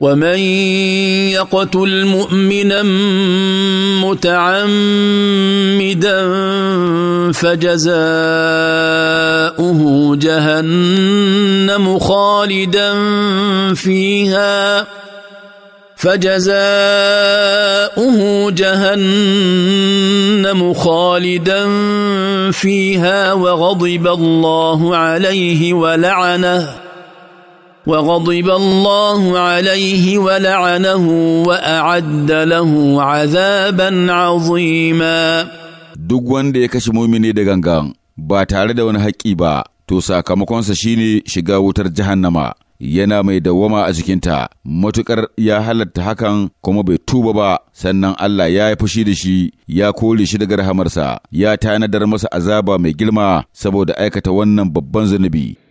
ومن يقتل مؤمنا متعمدا فجزاؤه جهنم خالدا فيها فجزاؤه جهنم خالدا فيها وغضب الله عليه ولعنه Wa الله عليه ولعنه وأعد له عذابا عظيما duk wanda ya kashe mumini da gangan ba tare da wani haƙƙi ba to sakamakonsa shine shiga wutar jahannama yana mai dawama a cikinta matukar ya halatta hakan kuma bai tuba ba sannan Allah ya yi fushi da shi ya kore shi daga rahamarsa ya tanadar masa azaba mai girma saboda aikata wannan babban zunubi